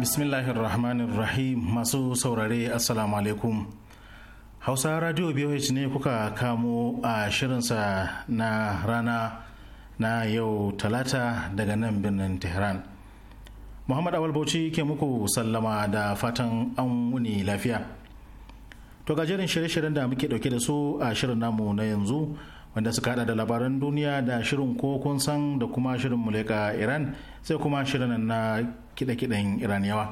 bismillahir rahmanir rahim masu saurare assalamu alaikum hausa radio bh ne kuka kamo a shirinsa na rana na yau talata daga nan birnin tehran muhammad awal bauchi ke muku sallama da fatan an wuni lafiya to gajeren shirye-shiryen da muke dauke da su a shirin namu na yanzu wanda suka hada da labaran duniya da shirin ko san da kuma shirin muleka iran sai kuma shirin na kiɗe-kiɗen iraniyawa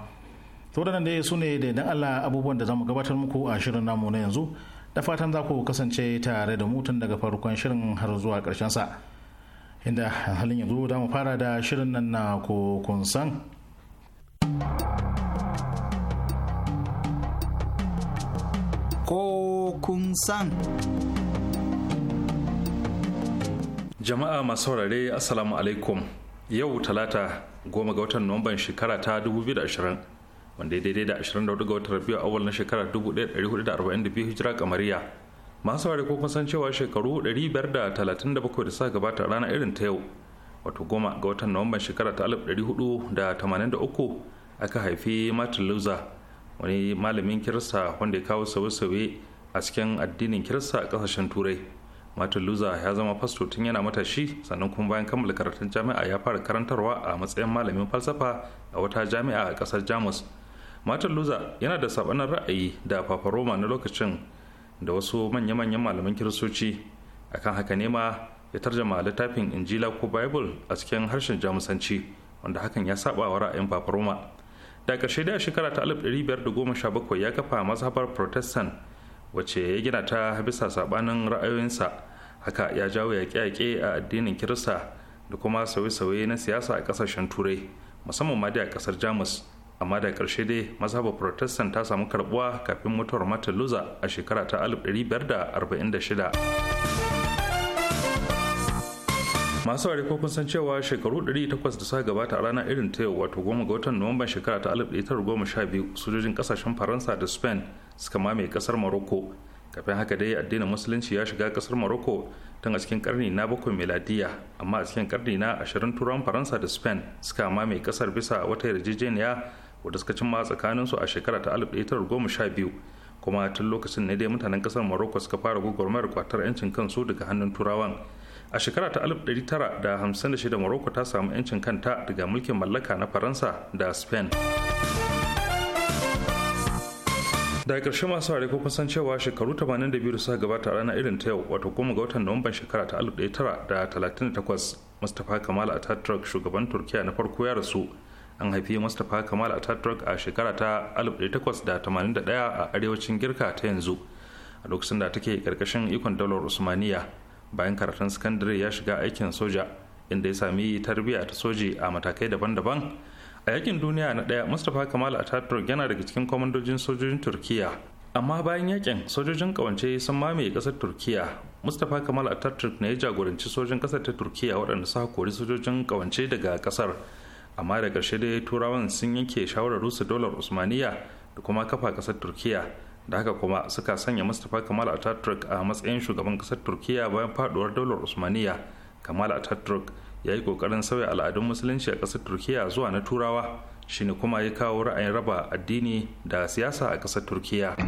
to da dai su ne da idan allah abubuwan da zamu gabatar muku a shirin namu na yanzu da fatan za ku kasance tare da mutum daga farkon shirin har zuwa karshen sa inda halin yanzu za mu fara da shirin nan na kun san jama'a masu saurare assalamu alaikum yau talata goma ga watan nuwamban shekara ta 2020 wanda ya daidai da 24 ga watan rabiu awal na shekara 1442 hijira kamariya masu ware ko kun san cewa shekaru 537 da suka gabata rana irin ta yau wato goma ga watan nuwamban shekara ta 1483 aka haifi martin luther wani malamin kirista wanda ya kawo sauye-sauye a cikin addinin kirista a kasashen turai martin luther ya zama fasto tun yana matashi sannan kuma bayan kammala karatun jami'a ya fara karantarwa a matsayin malamin falsafa a wata jami'a a kasar jamus martin luther yana da sabanin ra'ayi da papa roma na lokacin da wasu manya-manyan malaman kiristoci akan haka ne ma ya tarjama littafin injila ko bible a cikin harshen jamusanci wanda hakan ya saba wa ra'ayin papa roma da ƙarshe da shekara ta 1517 ya kafa mazhabar protestant wacce ya gina ta bisa sabanin ra'ayoyinsa haka ya jawo yaƙe-yaƙe a addinin kirista da kuma sauye-sauye na siyasa a ƙasashen turai musamman ma da ƙasar jamus amma da karshe dai mazhabar protestant ta samu karbuwa kafin mutuwar martin luther a shekara ta 1546 masu ware ko kun san cewa shekaru 800 da suka gabata a ranar irin ta yau wato goma ga watan nuwamban shekara ta 1912 sojojin kasashen faransa da spain suka mamaye kasar morocco kafin haka dai addinin musulunci ya shiga kasar morocco tun a cikin karni na bakwai meladiya amma a cikin karni na ashirin turan faransa da spain suka mamaye kasar bisa wata yarjejeniya wadda suka cimma su a shekara ta 1912 kuma tun lokacin ne dai mutanen kasar morocco suka fara gwagwarmayar kwatar 'yancin kansu daga hannun turawan a shekara ta 1956 morocco ta samu 'yancin kanta daga mulkin mallaka na faransa da spain daga ƙarshe masu ware kun san cewa shekaru 82 da suka gabata ranar irin ta yau wato goma ga watan nuwamban shekara ta 1938 mustapha kamal ataturk shugaban turkiya na farko ya rasu an haifi mustapha kamal ataturk a shekara ta 1881 a arewacin girka ta yanzu a lokacin da take karkashin ikon daular usmaniya bayan karatun sakandare ya shiga aikin soja inda ya sami tarbiyya ta soji a matakai daban-daban a yakin duniya na daya mustapha kamal ataturk yana daga cikin kwamandojin sojojin turkiya amma bayan yakin sojojin kawance sun mamaye kasar turkiya mustapha kamal ataturk ne ya jagoranci sojin kasar ta turkiya waɗanda suka kori sojojin kawance daga kasar amma da ƙarshe dai turawan sun yanke shawarar rusa dolar usmaniya da kuma kafa kasar turkiya da haka kuma suka sanya mustapha kamal ataturk a matsayin shugaban kasar turkiya bayan faduwar daular usmaniya kamal ataturk ya yi kokarin sauya al'adun musulunci a kasar turkiya zuwa na turawa shine kuma ya kawo ra'ayin raba addini da siyasa a kasar turkiya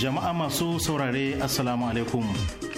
jama'a masu saurare assalamu alaikum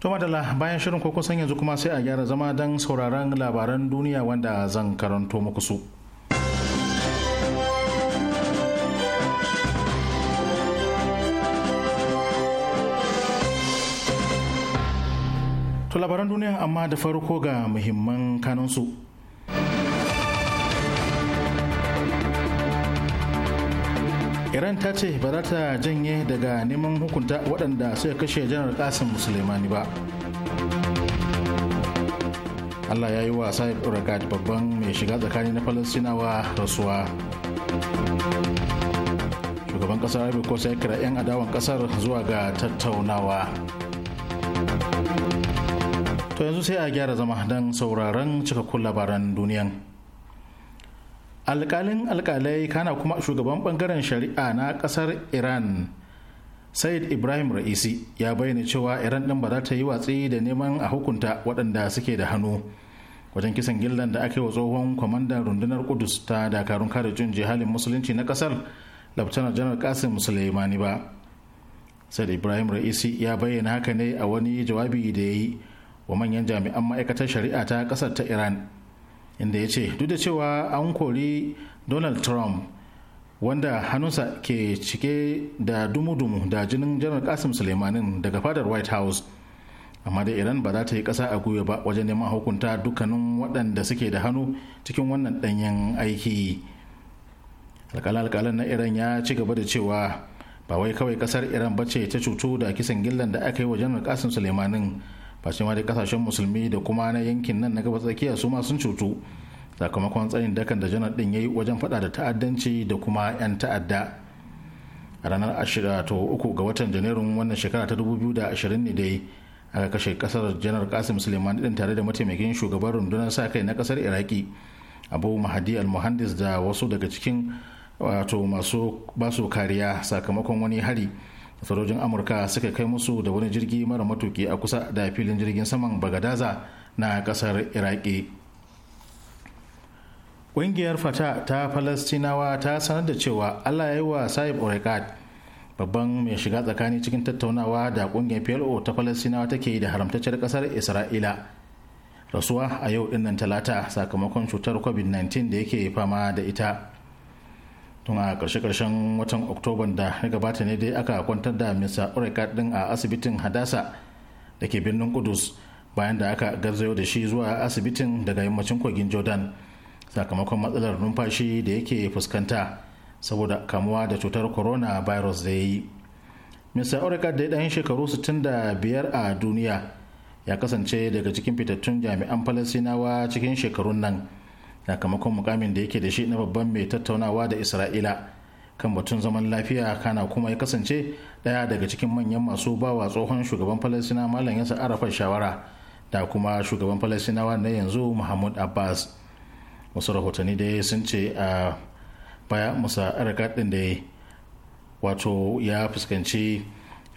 To madalla bayan shirin ko kusan yanzu kuma sai a gyara zama don sauraron labaran duniya wanda zan karanto muku su. To labaran duniya amma da farko ga muhimman su iran ta ce ba za ta janye daga neman hukunta waɗanda suka kashe janar kasim musulmani ba allah ya yi wa sa'id urakat babban mai shiga tsakani na falastinawa rasuwa shugaban ƙasar rabi ko sai kira 'yan adawan ƙasar zuwa ga tattaunawa to yanzu sai a gyara zama don sauraron cikakkun labaran duniyan alkalin alkalai kana kuma shugaban bangaren shari'a na kasar iran said ibrahim ra'isi ya bayyana cewa iran din ba za ta yi watsi da neman a hukunta waɗanda suke da hannu wajen kisan gillan da aka yi wa tsohon kwamandan rundunar kudus ta dakarun kare jin jihalin musulunci na kasar laftanar janar kasim suleimani ba said ibrahim ra'isi ya bayyana haka ne a wani jawabi da ya yi wa manyan jami'an ma'aikatar shari'a ta kasar ta iran inda ya ce duk da cewa an kori donald trump wanda hannunsa ke cike da dumu-dumu da jinin janar kasim suleimanin daga fadar white house amma da iran ba za ta yi kasa a gwiwa ba wajen neman hukunta dukkanin waɗanda suke da hannu cikin wannan ɗanyen aiki alƙalan na iran ya ci gaba da cewa ba wai kawai kasar iran ba ce ta cutu da kisan gillan da aka yi wa janar kasim suleimanin fashe ma da kasashen musulmi da kuma na yankin nan na gabas tsakiya su ma sun cutu sakamakon tsayin dakan da janar din yayi wajen fada da ta'addanci da kuma 'yan ta'adda a ranar 23 ga watan janairun wannan shekara ta 2020 ne dai aka kashe kasar janar kasim suleiman din tare da mataimakin shugaban rundunar sa kai na kasar iraki abu mahadi al-muhandis da wasu daga cikin wato masu basu kariya sakamakon wani hari sojojin amurka suka kai musu da wani jirgi mara matuki a kusa da filin jirgin saman bagadaza na kasar iraki ƙungiyar fata ta falastinawa ta sanar da cewa allah ya yi wa sahib orekat babban mai shiga tsakani cikin tattaunawa da ƙungiyar plo ta falastinawa take da haramtacciyar kasar isra'ila rasuwa a yau dinnan talata sakamakon cutar covid-19 da yake fama da ita tun a karshe-karshen watan oktoban da ya gabata ne dai aka kwantar da mr ureka din a asibitin hadasa da ke birnin kudus bayan da aka garzayo da shi zuwa asibitin daga yammacin kogin jordan sakamakon matsalar numfashi da yake fuskanta saboda kamuwa da cutar corona virus da ya yi mr orika da ya ɗan shekaru 65 a duniya ya kasance daga cikin fitattun jami'an falasinawa cikin shekarun nan sakamakon mukamin da yake da shi na babban mai tattaunawa da isra'ila kan batun zaman lafiya kana kuma ya kasance daya daga cikin manyan masu bawa tsohon shugaban falasina malam yasa arafat shawara da kuma shugaban falasinawa na yanzu muhammad abbas wasu rahotanni dai sun ce a baya musa arakaɗin da wato ya fuskanci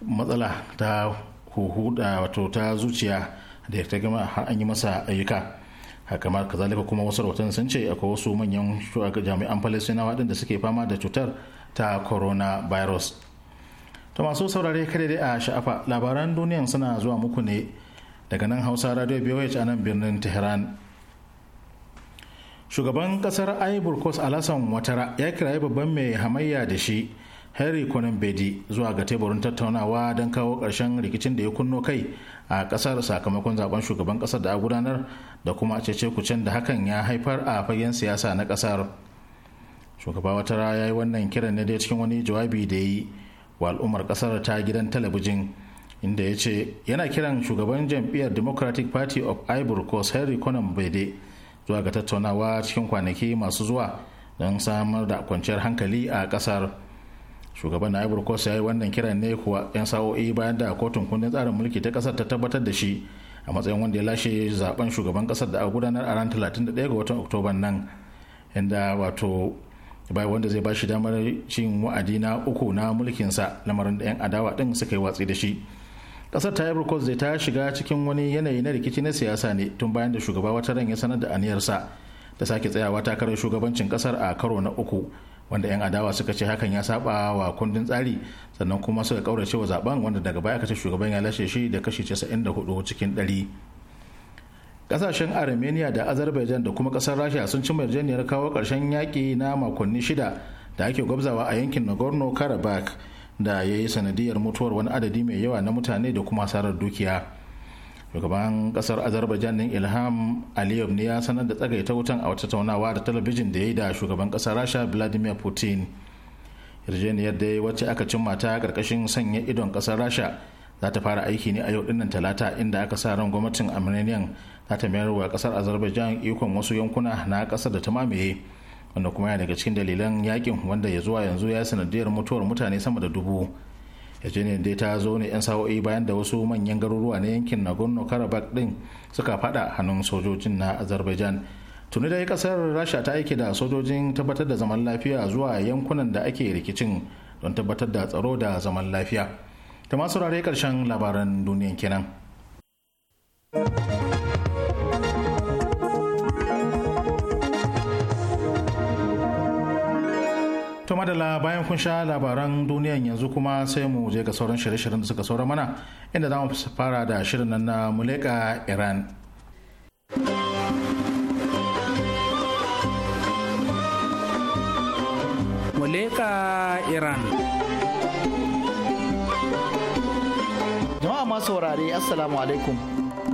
matsala ta huhu da wato ta zuciya da ta gama har an yi masa ayyuka haka kazalika kuma wasu rahoton sun ce akwai wasu manyan jami'an falasinawa din da suke fama da cutar ta coronavirus ta masu saurare kada dai a sha'afa labaran duniyan suna zuwa muku ne daga nan hausa radio bwh a nan birnin tehran shugaban kasar ivory coast alasan watara ya kirayi babban mai hamayya da shi henry conan bedi zuwa ga teburin tattaunawa don kawo ƙarshen rikicin da ya kunno kai a kasar sakamakon zaben shugaban kasar da a gudanar da kuma cece kucen da hakan ya haifar a fagen siyasa na kasar shugaba wata ya yi wannan kiran ne dai cikin wani jawabi da ya yi wa al'ummar kasar ta gidan talabijin inda ya ce yana kiran shugaban jam'iyyar democratic party of ivory coast henry conan bede zuwa ga tattaunawa cikin kwanaki masu zuwa don samar da kwanciyar hankali a kasar shugaban na ivory coast ya yi wannan kiran ne kuwa 'yan sa'o'i bayan da kotun kundin tsarin mulki ta kasar ta tabbatar da shi a matsayin wanda ya lashe zaben shugaban kasar da aka gudanar a ran 31 ga watan oktoban nan inda wato bai wanda zai ba shi damar cin wa'adi na uku na mulkinsa lamarin da 'yan adawa din suka yi watsi da shi kasar ta ivory coast ta shiga cikin wani yanayi na rikici na siyasa ne tun bayan da shugaba wata ran ya sanar da aniyarsa da sake tsayawa takarar shugabancin kasar a karo na uku wanda 'yan adawa suka ce hakan ya saba wa kundin tsari sannan kuma suka kaurace wa zaben wanda daga baya aka ce shugaban ya lashe shi da kashi 94 cikin 100 kasashen armenia da azerbaijan da kuma kasar rasha sun ci yarjejeniyar kawo karshen yaƙi na makonni shida da ake gwabzawa a yankin nagorno karabakh da ya yi sanadiyar mutuwar wani adadi mai yawa na mutane da kuma asarar dukiya shugaban kasar azerbaijan din ilham aliyev ne ya sanar da tsagaita wutan a wata taunawa da talabijin da ya yi da shugaban kasar rasha vladimir putin yarjejeniyar da wacce aka cimma ta karkashin sanya idon kasar rasha za ta fara aiki ne a yau dinnan talata inda aka sa ran gwamnatin armenian za ta mayar wa kasar azerbaijan ikon wasu yankuna na kasar da ta mamaye wanda kuma ya daga cikin dalilan yakin wanda ya zuwa yanzu ya sanadiyar mutuwar mutane sama da dubu ne dai ta zo ne 'yan sa'o'i bayan da wasu manyan garuruwa na yankin nagorno karabakh din suka fada hannun sojojin na azerbaijan tuni dai kasar rasha ta aiki da sojojin tabbatar da zaman lafiya zuwa yankunan da ake rikicin don tabbatar da tsaro da zaman lafiya ta masu rare karshen labaran duniyan kenan. madala bayan kun sha labaran duniyan yanzu kuma sai mu je ga sauran shirye-shiryen da suka saura mana inda za mu fara da shirin nan na muleka iran muleka iran jama'a masu wurare assalamu alaikum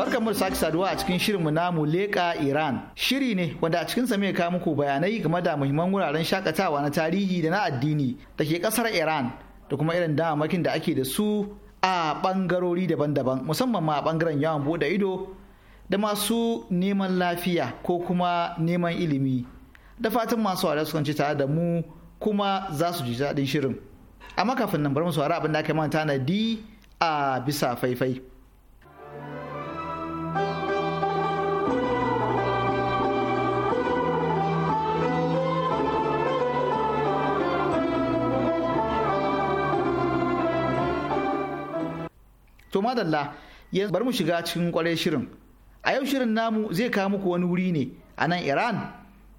barkan mu sake saduwa a cikin shirin mu namu leka Iran. Shiri ne wanda a cikin sa ya kawo muku bayanai game da muhimman wuraren shakatawa na tarihi da na addini da ke kasar Iran da kuma irin damamakin da ake da su a bangarori daban-daban musamman ma a bangaren yawon bude ido da masu neman lafiya ko kuma neman ilimi. Da fatan masu wada su ci tare da mu kuma za su ji daɗin shirin. Amma kafin nan bari mu saurari abin da aka manta na di a bisa faifai. to madalla yanzu bari mu shiga cikin kwarai shirin a yau shirin namu zai kawo muku wani wuri ne a nan iran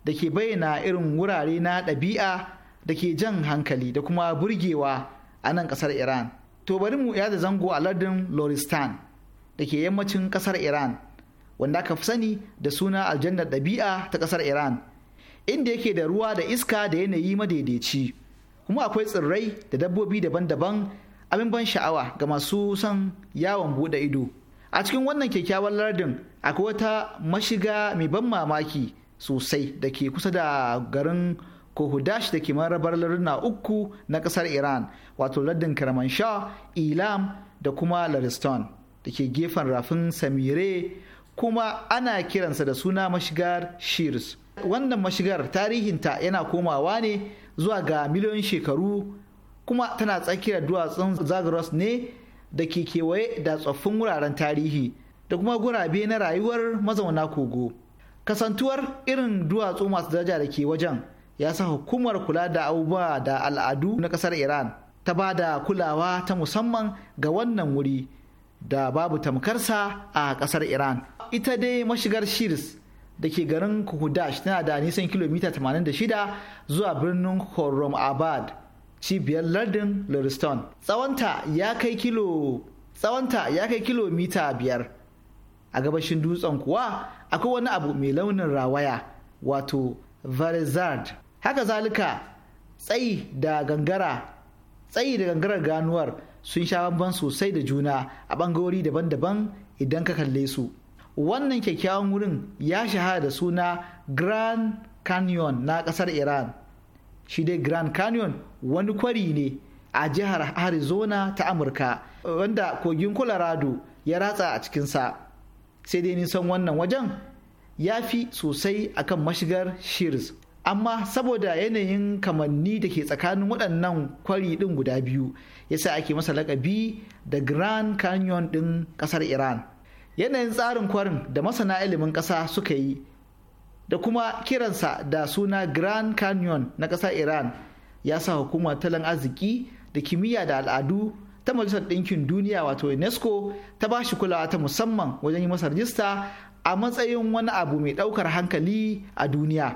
da ke bayyana irin wurare na ɗabi'a da ke jan hankali da kuma burgewa a nan ƙasar iran to bari mu yada zango a lardin loristan da ke yammacin ƙasar iran wanda aka fi sani da suna aljannar ɗabi'a ta ƙasar iran inda yake da ruwa da iska da yanayi madaidaici kuma akwai tsirrai da dabbobi daban-daban abin ban sha'awa ga masu son yawon bude ido a cikin wannan kyakkyawan lardin akwai wata mashiga mai ban mamaki sosai da ke kusa da garin kohudash da ke marabar larduna uku na kasar iran wato lardin kermanshah ilam da kuma lariston da ke gefen rafin samire kuma ana kiransa da suna mashigar shears wannan mashigar tarihinta yana komawa ne zuwa ga miliyoyin shekaru kuma tana tsakiyar duwatsun zagros ne da ke kewaye da tsoffin wuraren tarihi da kuma gurabe na rayuwar mazauna kogo kasantuwar irin duwatsu masu daraja da ke wajen ya sa hukumar kula da abubuwa da al'adu na kasar iran ta ba da kulawa ta musamman ga wannan wuri da babu tamkarsa a kasar iran ita dai mashigar shirs da ke garin kuhudash tana da nisan kilomita 86 zuwa birnin horom abad cibiyar lardin Lurston. Tsawonta ya kai kilo tsawonta ya kai kilomita biyar. A gabashin dutsen kuwa akwai wani abu mai launin rawaya wato Verizard. Haka zalika tsayi da gangara tsayi da gangarar ganuwar sun sha bamban sosai da juna a bangarori daban-daban idan ka kalle su. Wannan kyakkyawan wurin ya shahara da suna Grand Canyon na ƙasar Iran. Shi dai Grand Canyon wani kwari ne a jihar arizona ta amurka wanda kogin colorado ya ratsa a cikinsa sai dai nisan wannan wajen ya fi sosai akan mashigar shears amma saboda yanayin kamanni da ke tsakanin waɗannan kwari ɗin guda biyu yasa ake masa lakabi da grand canyon ɗin ƙasar iran yanayin tsarin kwarin da masana ilimin ƙasa suka yi da kuma kiransa da suna grand canyon na ƙasar iran ya sa hukumar talan arziki da kimiyya da al'adu ta majalisar ɗinkin duniya wato unesco ta ba shi kulawa ta musamman wajen yi masa rajista a matsayin wani abu mai ɗaukar hankali a duniya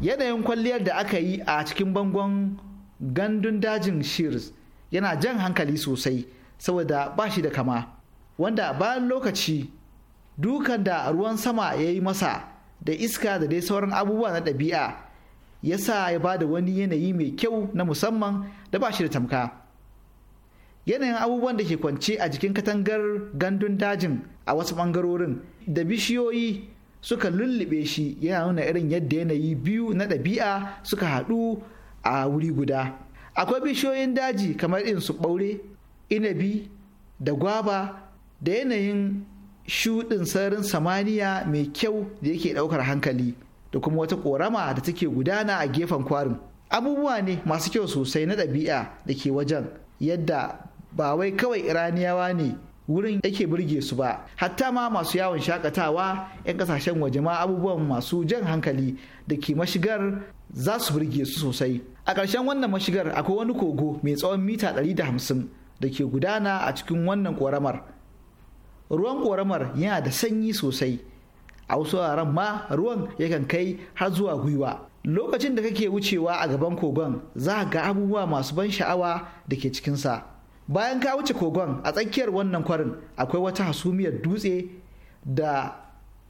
yanayin kwalliyar da aka yi a cikin bangon gandun dajin shears yana jan hankali sosai saboda ba shi da kama wanda bayan lokaci dukan da ruwan sama ya yi masa da iska da dai sauran abubuwa na ɗabi'a ya sa ya ba da wani yanayi mai kyau na musamman da ba shi da tamka yanayin abubuwan da ke kwance a jikin katangar gandun dajin a wasu ɓangarorin da bishiyoyi suka lullube shi yana nuna irin yadda yanayi biyu na ɗabi'a suka haɗu a wuri guda akwai bishiyoyin daji kamar irin su ɓaure inabi da gwaba da yanayin shuɗin sararin samaniya mai kyau da yake ɗaukar hankali da kuma wata korama da take gudana a gefen kwarin abubuwa ne masu kyau sosai na ɗabi'a da ke wajen yadda ba wai kawai iraniyawa ne wurin yake burge su ba hatta ma masu yawon shakatawa 'yan kasashen waje ma abubuwan masu jan hankali da ke mashigar za su burge su sosai a ƙarshen wannan mashigar akwai wani kogo mai tsawon mita 150 da ke gudana a cikin wannan ƙoramar ruwan ƙoramar yana da sanyi sosai a wasu wuraren ma ruwan yakan kai har zuwa gwiwa lokacin da kake wucewa a gaban kogon za ga abubuwa masu ban sha'awa da ke cikinsa bayan ka wuce kogon a tsakiyar wannan kwarin akwai wata hasumiyar dutse da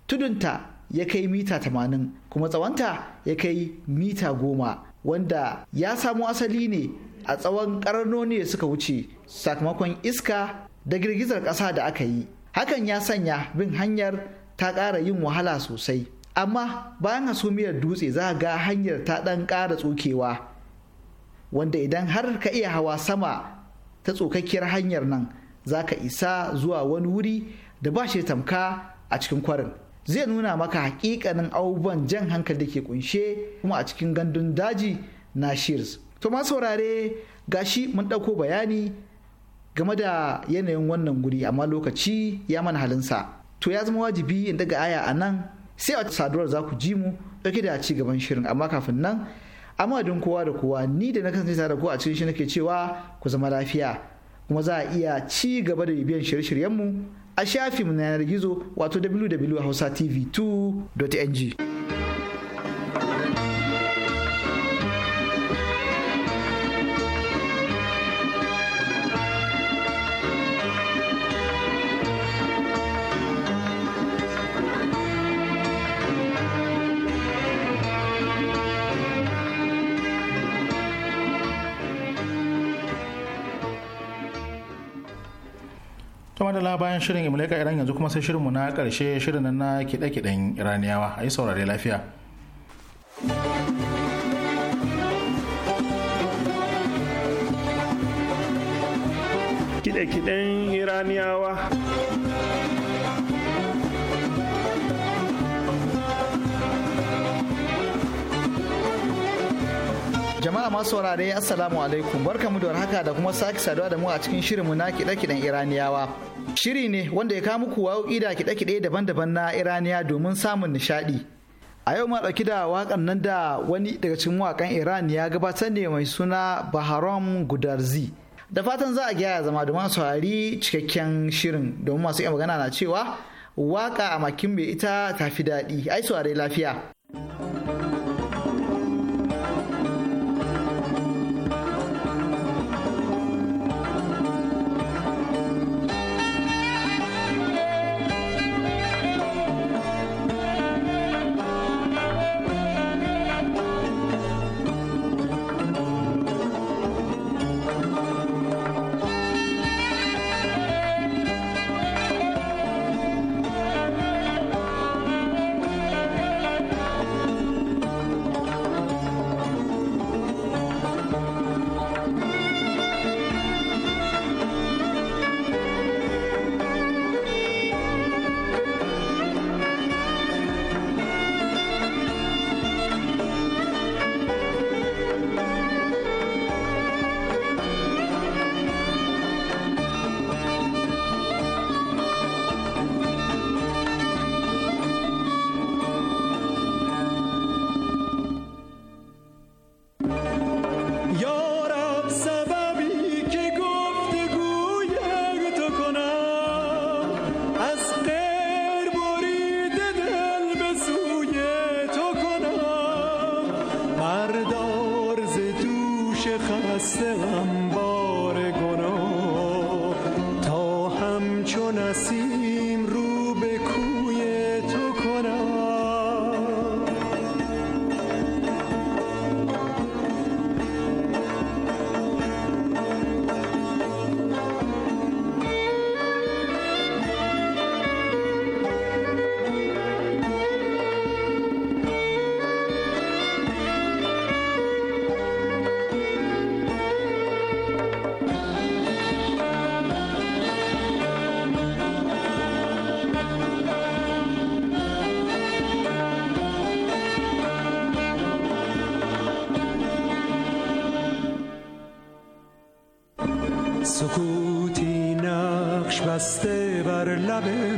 tudunta ya kai mita tamanin kuma tsawonta ya kai mita goma wanda ya samo asali ne a tsawon ƙararnoni da suka wuce sakamakon iska da girgizar ƙasa da aka yi hakan ya sanya bin hanyar ta ƙara yin wahala sosai amma bayan hasumiyar dutse za ga hanyar ta ɗan ƙara tsokewa wanda idan har ka iya hawa sama ta tsokakkiyar hanyar nan za ka isa zuwa wani wuri da ba shi tamka a cikin kwarin zai nuna maka hakikanin abubuwan jan hankali da ke kunshe kuma a cikin gandun daji na shears to ma saurare gashi mun ɗauko bayani game da yanayin wannan guri amma lokaci ya mana halinsa to ya zama wajibi in daga aya a nan sai a saduwar za ku ji mu dauke da ci gaban shirin amma kafin nan amma kowa da kowa ni da na kasance tare da ku a cikin shi nake cewa ku zama lafiya kuma za a iya ci gaba da bibiyan shirye-shiryenmu a shafinmu na yanar gizo wato www.hausatv2.ng. madala bayan shirin imuleka iran yanzu kuma sai shirinmu na karshe shirin na kiɗe-kiɗen iraniyawa a yi saurare lafiya kiɗe-kiɗen iraniyawa jama'a masu saurare assalamu alaikum barkamu da warhaka da kuma sake saduwa da mu a cikin shirinmu na kiɗe-kiɗen iraniyawa shiri ne wanda ya kawo muku waƙoƙi da kiɗe-kiɗe daban-daban na iraniya domin samun nishaɗi a yau ma ɗauki da waƙan nan da wani daga cikin waƙan iran ya gabatar ne mai suna baharam gudarzi da fatan za a gyara zama domin saurari cikakken shirin domin masu iya magana na cewa waƙa a makin mai ita tafi daɗi ai saurari lafiya. I've cabeza.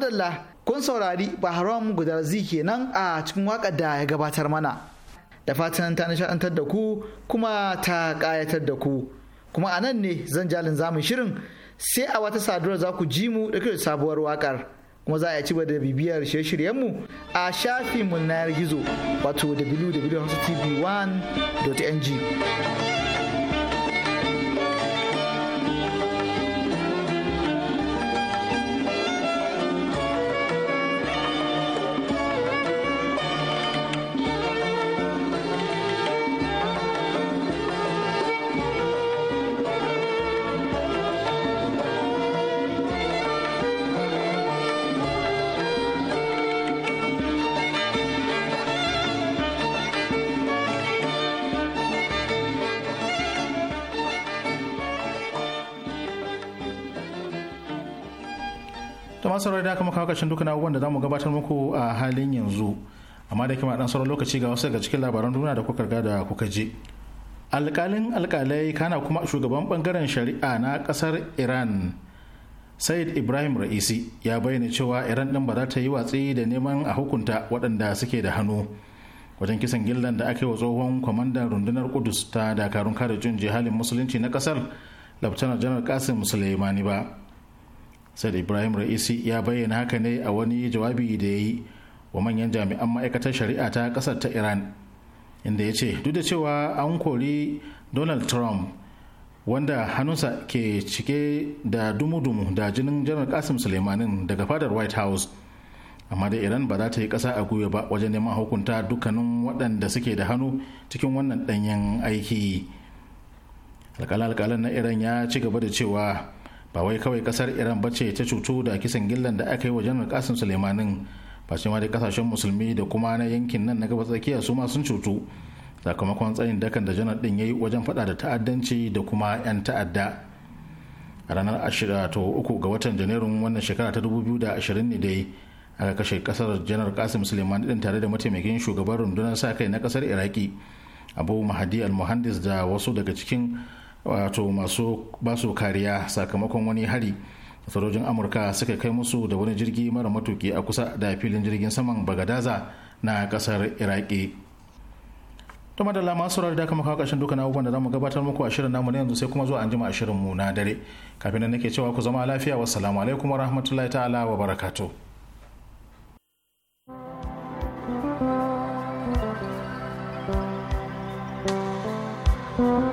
madalla kun saurari bahram gudarzi kenan a cikin wakar da ya gabatar mana da fatan ta nishaɗantar da ku kuma ta ƙayatar da ku kuma a nan ne zan jalin zamun shirin sai a wata saduwar za ku ji mu da sabuwar wakar kuma za a ci da bibiyar shirye shiryen mu a shafinmu na yar gizo wato www.tv1.ng to masu rai da kuma kawo kashin dukkan abubuwan da zamu gabatar muku a halin yanzu amma da kima dan sauran lokaci ga wasu daga cikin labaran duniya da kuka riga da kuka je alkalin alkalai kana kuma shugaban bangaren shari'a na kasar iran said ibrahim ra'isi ya bayyana cewa iran din ba za ta yi watsi da neman a hukunta waɗanda suke da hannu wajen kisan gillan da aka yi wa tsohon kwamandan rundunar kudus ta dakarun kare jin jihalin musulunci na kasar laftanar janar kasim suleimani ba sai da ibrahim ra'isi ya bayyana haka ne a wani jawabi da ya yi wa manyan jami'an ma'aikatar shari'a ta kasar ta iran inda ya ce duk da cewa an kori donald trump wanda hannunsa ke cike da dumu-dumu da jinin janar kasim suleimanin daga fadar white house amma da iran ba za ta yi kasa a gwiwa ba wajen neman hukunta dukkanin waɗanda suke da hannu cikin wannan ɗanyen aiki alƙalan na iran ya ci gaba da cewa ba wai kawai kasar iran ce ta cutu da kisan gillan da aka yi wa janar kasim sulemanin ba shi ma da kasashen musulmi da kuma na yankin nan na gaba tsakiya su ma sun cutu sakamakon tsayin dakan da janar din ya yi wajen fada da ta'addanci da kuma 'yan ta'adda a ranar 23 ga watan janairun wannan shekara ta 2020 ne dai aka kashe kasar janar kasim suleiman din tare da mataimakin shugaban rundunar sa kai na kasar iraki abu mahadi al-muhandis da wasu daga cikin wato masu basu kariya sakamakon wani hari sojojin amurka suka kai musu da wani jirgi mara matuki a kusa da filin jirgin saman bagadaza na kasar iraki to madalla masu da kama kawo ƙarshen dukkan abubuwan da zamu gabatar muku a shirin namu na yanzu sai kuma zuwa anjima a shirin mu na dare kafin nan nake cewa ku zama lafiya wassalamu alaikum wa rahmatullahi ta'ala wa barakatuh thank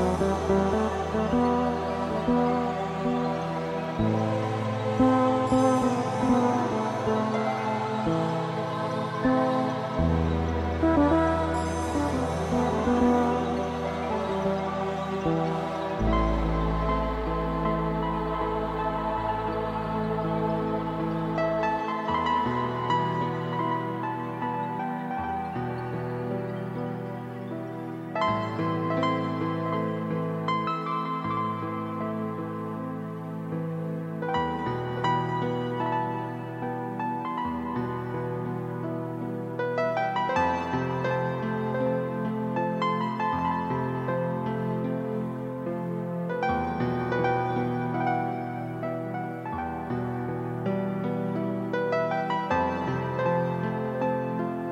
Música